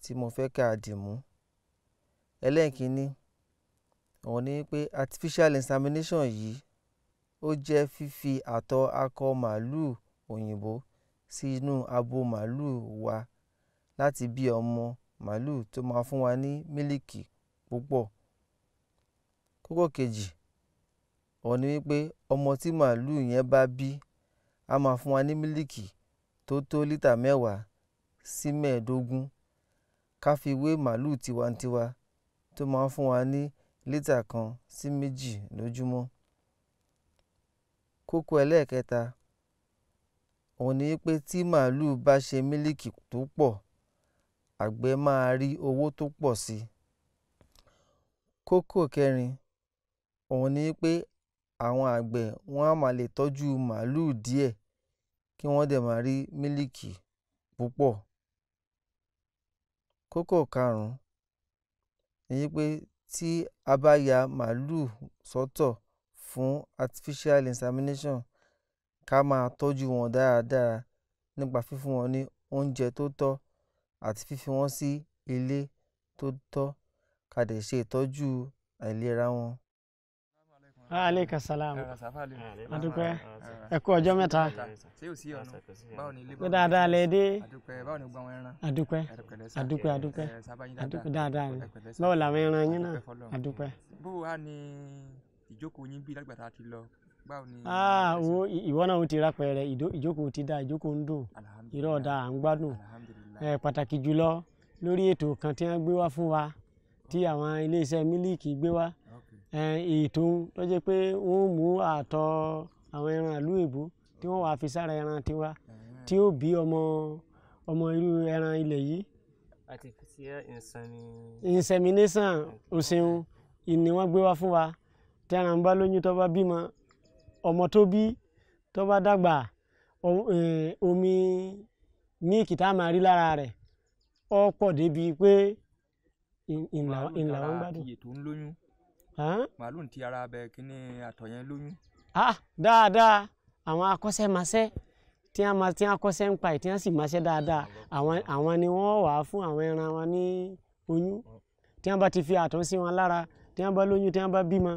tí mo fẹ́ ká dìmú. Ẹlẹ́ẹ̀kínní, òun ni pé artificial insemination yìí ó jẹ́ fífi àtọ̀ akọ màlúù òyìnbó sí abo màlúù wa láti bí ọmọ màlúù tó máa fún wa ní mílìkì púpọ̀. Kókó kejì, òun ni wípé ọmọ tí màlúù yẹn bá bí á máa fún wa ní mílìkì tó tó lítà mẹ́wàá sí mẹ́ẹ̀ẹ́dógún ká fi wé màálù tiwantiwa tó máa ń fún wa ní lítà kan sí méjì lójúmọ́. Kókó ẹlẹ́ẹ̀kẹta, òhun ni wípé tí màálù bá ṣe mílíìkì tó pọ̀, àgbẹ̀ máa rí owó tó pọ̀ si. Kókó kẹrin, òhun ni wípé àwọn àgbẹ̀ wọ́n á máa lè tọ́jú màálù díẹ̀ kí wọ́n dẹ̀ máa rí mílíìkì púpọ̀. Kókó karùn-ún ni wí pé tí a bá ya màálù sọ́tọ̀ fún artificial insemination ká máa tọ́jú wọn dáradára nípa fífún wọn ní oúnjẹ tó tọ́ àti fífi wọ́n sí ilé tó tọ́, ka dẹ̀ ṣe ìtọ́jú àìlera wọn aleyka salam adúpẹ́ ẹ kú ọjọ́ mẹ́ta ní ah, dáadáa lè dé adúpẹ́ adúpẹ́ adúpẹ́ adúpẹ́ dáadáa ni báwo làwọn ẹran yín náà adúpẹ́. bó wàá ní ìjókòó yín ni. aa ah, wo ìwọ náà ó ti rápẹrẹ ìjókòó ti da ìjókòó ń dùn irọ́ da à ń gbádùn eh, pàtàkì jùlọ lórí ètò kan tí wọ́n gbé wá fún wa tí àwọn iléeṣẹ́ mílíìkì gbé wá ètò tó jẹ́ pé wọ́n mú àtọ àwọn ẹran ìlú èbó tí wọ́n wà fi sára ẹran tiwa tí ó bí ọmọ ọmọ irú ẹran ilẹ̀ yìí. artificial insemination o ṣeun ìní wọ́n gbé wá fún wa tí ẹran bá lóyún tó bá bímọ ọmọ tó bí tó bá dàgbà omi míìkì tá a máa ọ pọ̀ débi pé ìlà màálù ti ara bẹ kíní àtọ̀ yẹn lóyún. ah dáadáa àwọn akọ́ṣẹ́mọṣẹ́ tí a máa tí a kọ́ṣẹ́ ń pa ìtí a sì máa ṣe dáadáa àwọn àwọn ni wọ́n wà á fún àwọn ẹran wọn ní oyún tí a bá ti fi àtọ̀ sí wọn lára tí a bá lóyún tí a bá bímọ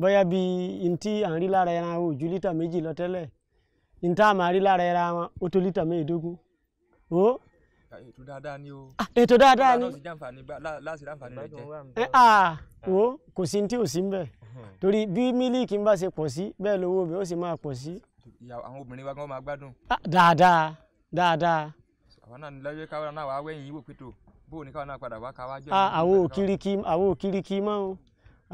bóyá bí ntí à ń rí lára ẹran wọn ju lítà méjì lọ tẹ́lẹ̀ ntá a rí lára ẹran wọn ó tó lítà méjìdógún ó ètò dáadáa ni o. Ah, ètò dáadáa ni. láti jàǹfààní láti jàǹfààní rẹ jẹ. ẹ eh, à ah, ah. wo kò sí ní tí ò sí ń bẹ̀ torí bí mílíìkì ń bá ṣe pọ̀ sí bẹ́ẹ̀ lówó mi ó sì máa pọ̀ sí. àwọn obìnrin wa gan máa gbádùn. dáadáa dáadáa. àwọn náà ní lọ́jọ́ káwọn náà wàá wẹ̀yìn wò pétò bóun ní káwọn náà padà wá káwá jọ. àwọn ò kiriki àwọn ò kiriki mọ́ o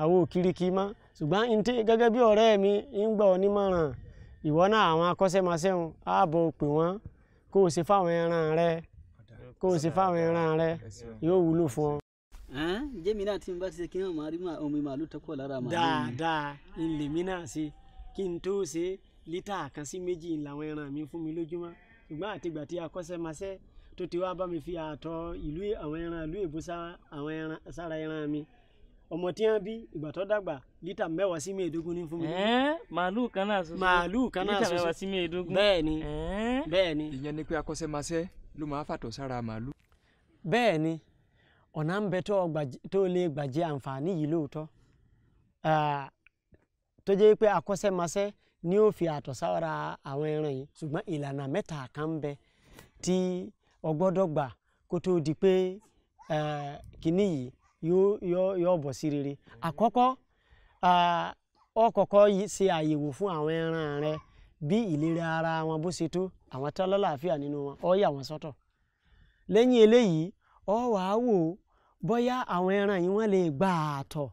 àwọn ò kiriki mọ́ ṣùgbọ́n gẹ́gẹ́ bí ọ̀rẹ́ mi ń gbà ọ́ nímọ̀ràn ìwọ náà àwọn akọ́ṣẹ́mọṣẹ́ wọn ààbò pè wọ́n kó o ṣe fáwọn ẹran rẹ̀ kó o sì fáwọn ẹran rẹ yóò wúlò fún ọ. jẹ́mi náà tí n bá ti ṣe kí n máa rí omi màálù tó kọ̀ lára màálù mi. dáadáa ilé mi náà ṣe kí n tó ṣe lítà kan sí méjì làwọn ẹran mi fún mi lójúmọ́ ṣùgbọ́n àtìgbà tí akọ́ṣẹ́mọṣẹ́ tó ti wá bá mi fi àtọ̀ ìlú àwọn ẹran ìlú èbó sára ẹran mi ọmọ tí wọn bí ìgbà tó dàgbà lítà mẹ́wàá sí mẹ́ẹ̀ẹ́dógún ní fún mi. màálùú kan náà soso màálùú kan náà soso lítà mẹ́wàá sí mẹ́ẹ̀ẹ́dógún. bẹ́ẹ̀ni bẹ́ẹ̀ni. ìyẹn ni pé akọ́ṣẹ́mọṣẹ́ ló máa fàtọ̀ sára màálù. bẹ́ẹ̀ ni ọ̀nà ń bẹ tó lè gbàjẹ́ àǹfààní yìí lóòótọ́ tó jẹ́ pé akọ́ṣẹ́mọṣẹ́ ni ó fi àtọ̀ sára àwọn ẹran yìí ṣùgbọ́n ìlànà mẹ́ta kan bẹ tí o gbà kó tó di pé kínní yìí yóò bọ̀ sí rere àkọ́kọ́ o kọ́kọ́ ṣe àyẹ̀wò fún àwọn ẹran rẹ bí ìlera ara wọn bó ṣe tó àwọn tó lọ́làáfíà nínú wọn ó yà wọ́n sọ́tọ̀ lẹ́yìn eléyìí ó wàá wò ó bóyá àwọn ẹran yìí wọ́n lè gba àtọ̀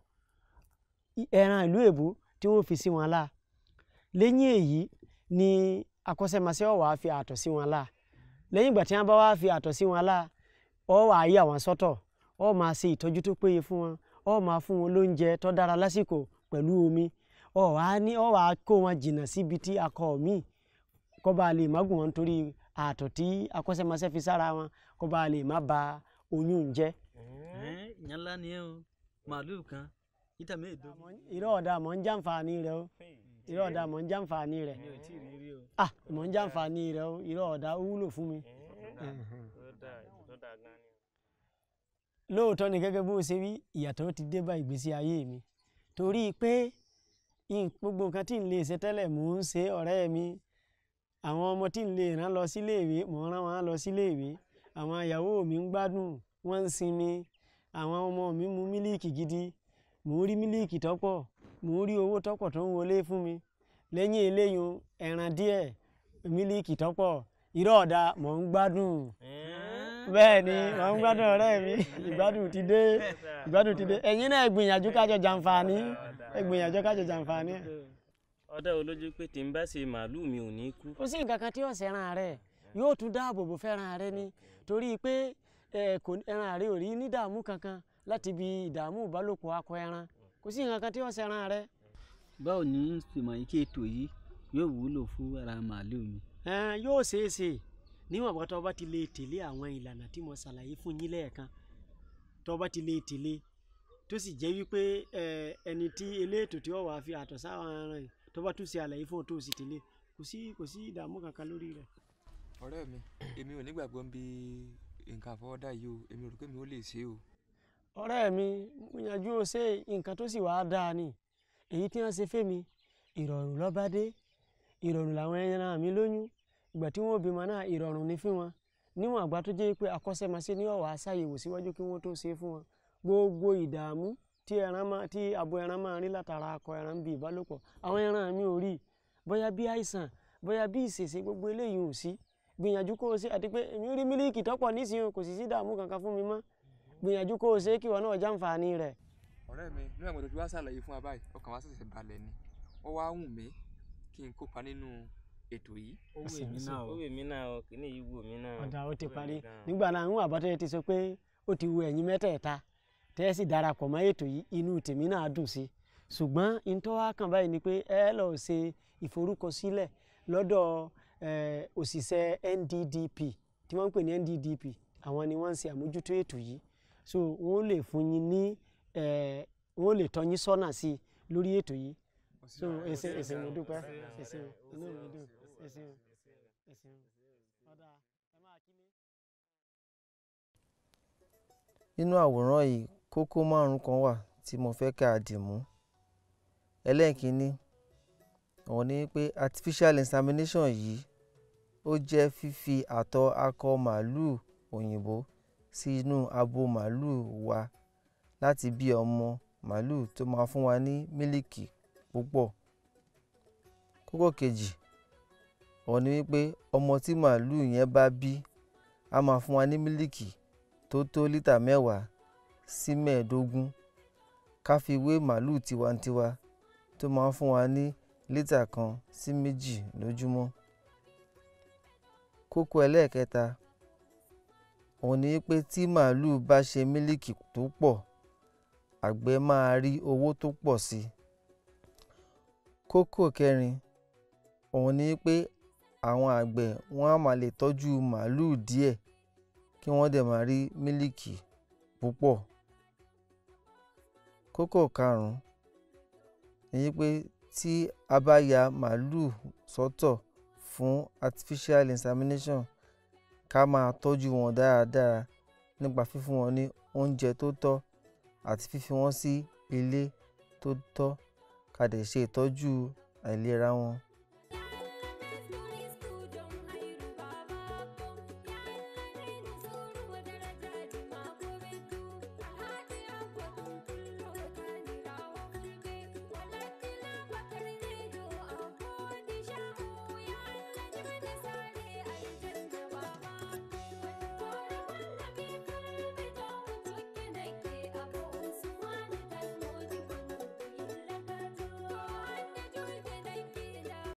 ẹran ìlú èbó tí wọ́n fi sí wọn láà lẹ́yìn èyí ni akọ́ṣẹ́mọṣẹ́ ó wàá fi àtọ̀ sí wọn láà lẹ́yìn ìgbà tí wọ́n bá wàá fi àtọ̀ sí wọn láà ó wàá yà wọ́n sọ́tọ̀ ó máa ṣe ìtọ́jú tó péye fún wọn ó máa fún wọn lóúnjẹ tó dára lásìkò pẹ̀lú omi Eh, o wa ah, eh, eh, ni o wa ko wọn jìnnà síbi tí a kọ mí kó ba lè má gùn wọn torí ààtọ̀ tí akọ́ṣẹ́mọṣẹ́ fi sára wọn kó ba lè má ba oyún jẹ́. ìyá ńlá ni ẹ o màlúù kan níta mi èdè. irọ́ ọ̀dà mọ̀ ń jàǹfààní rẹ o irọ́ ọ̀dà mọ̀ ń jàǹfààní rẹ a mọ̀ ń jàǹfààní rẹ o irọ́ ọ̀dà wúlò fún mi. lóòótọ́ ni gẹ́gẹ́ bó ṣe wí ìyàtọ̀ ti dé bá ìgbésí ayé mi torí pé. gbogbo nǹkan tí n lè ṣe tẹ́lẹ̀ mò ń ṣe ọ̀rẹ́ mi àwọn ọmọ tí n lè rán lọ síléèwé mò ń rán wọn lọ síléèwé àwọn àyàwó mi ń gbádùn wọ́n ń sinmi àwọn ọmọ mi mu mílíìkì gidi mò ń rí mílíìkì tọ́pọ̀ mò ń rí owó tọ́pọ̀ tó ń wọlé fún mi lẹ́yìn eléyìí ẹ̀ràn díẹ̀ mílíìkì tọ́pọ̀ irọ́ ọ̀dà mò ń gbádùn bẹ́ẹ̀ ni mò ń gbádùn ọ̀rẹ́ mi ìgbádùn ti dé ìgbádùn ti dé ẹ̀yin náà gbìyànjú ká jọ jàǹfààní. ẹgbìyànjọ kájọ jàǹfààní ẹ. ọ̀dà olójú pé tí n bá ṣe màálùú mi ò ní kú. kò sí nǹkan kan tí yóò ṣẹran rẹ yóò tún dáàbò bò fẹ́ràn rẹ ni torí pé ẹran rẹ ò rí ní dààmú kankan láti ibi ìdààmú ìbálòpọ̀ akọ ẹran kò sí nǹkan kan tí yóò ṣẹran rẹ. báwo ni ìgbìmọ̀ yìí kí ètò yìí yóò wúlò fún ara màálùú mi. yóò ṣeé ṣe níwọ̀n bá tọ́ bá ti lè tẹ̀lé àwọn ìlànà tí mo ṣàlàyé fún yín lẹ́ẹ̀kan tọ́ bá ti lè tẹ̀lé tó sì jẹ́ wípé ẹni tí eléètò tí wọ́n wàá fi àtọ̀ sáwọn ẹran yìí tó bá tún ṣe àlàyé fún ọ tó sì tẹ́lẹ̀ kò sí kò sí ìdààmú kankan lórí rẹ̀. ọ̀rẹ́ mi èmi ò nígbàgbọ́ bí nǹkan àfọwọ́dá yìí o èmi ò rò pé mi ò lè ṣe o. ọ̀rẹ́ mi mo yanjú o ṣe nǹkan tó sì wàá dáa ni èyí tí wọ́n ṣe fẹ́mi ìrọ̀rùn lọ́ba dé ìrọ̀rùn làwọn ẹran mi lóyún ìgbà tí wọ́n bímọ náà ìrọ̀rùn ni fún wọn níwọ̀n àgbà tó jẹ́ pé akọ́ṣẹ́mọṣẹ́ ní ọ̀wà àṣàyẹ̀wò síwájú kí wọ́n tó ṣe fún wọn gbogbo ìdààmú tí ẹran máa tí abo ẹran máa rí látara akọ ẹran bíi ìbálòpọ̀ àwọn ẹran mi ò rí bóyá bí àìsàn bóyá bí ìṣèṣe gbogbo eléyìí ò sí gbìyànjú kó o ṣe àti pé èmi rí mílíìkì tọ́pọ̀ nísìnyí kò sì sí ìdààmú kankan fún mi mọ́ gbìyànjú kó o ṣe kí ìwọ náà jàǹfààní rẹ̀. ọ̀rẹ́ mi ní àwọn ìdòdó wá ṣàlàyé fún wa báyìí ọkàn wa ṣẹ̀ṣẹ̀ balẹ̀ ni wọ́n wá wù mí kí n kópa nínú ètò yìí. ó wù náà ó wù mí náà kí ni ìwù mí náà. ọ̀dà ó ti parí nígbà náà ń wà bọ́tẹ́ ti sọ pé ó ti wù ẹ̀yin mẹ́tẹ̀ẹ̀ta tẹ́ sì darapọ̀ mọ́ ètò yìí inú tèmi náà dùn sí ṣùgbọ́n ntọ́wá kan báyìí ni pé ẹ lọ ṣe ìforúkọsílẹ̀ lọ́dọ̀ òṣìṣẹ́ NDDP tí wọ́n ń pè ní NDDP àwọn ni wọ́n ń ṣe àmójútó ètò yìí so wọ́n lè fún yín ní wọ́n lè tọ́ sọ́nà sí i lórí ètò yìí so èsè èsè mi dúpẹ́ èsè inú mi dùn èsè èsè ọ̀dà ẹ máa kí mi. nínú àwòrán yìí kókó márùn-ún kan wà tí mo fẹ́ ká dìmú. Ẹlẹ́ẹ̀kínní, òun ni pé artificial insemination yìí ó jẹ́ fífi àtọ̀ akọ màálùú òyìnbó sí abo màálùú wa láti bí ọmọ màálùú tó máa fún wa ní mílìkì púpọ̀. Kókó kejì, òun ni wípé ọmọ tí màálùú yẹn bá bí á máa fún wa ní mílìkì tó tó lítà mẹ́wàá sí mẹ́ẹ̀ẹ́dógún ká fi wé màálù tiwantiwa tó máa ń fún wa ní lítà kan sí méjì lójúmọ́. kókó ẹlẹ́ẹ̀kẹta òun ni pé tí màálù bá ṣe mílíkì tó pọ̀ àgbẹ̀ máa rí owó tó pọ̀ sí i. kókó kẹrin òun ni pé àwọn àgbẹ̀ wọn á máa lè tọ́jú màálù díẹ̀ kí wọ́n dẹ̀ máa rí mílíkì púpọ̀ kókó karùn-ún èyí pé tí a bá ya màálù sọ́tọ̀ fún artificial insemination ká máa tọ́jú wọn dáradára nípa fífún wọn ní oúnjẹ tó tọ́ àti fífi wọ́n sí ilé tó tọ́ ká dẹ̀ ṣe ìtọ́jú àìlera wọn.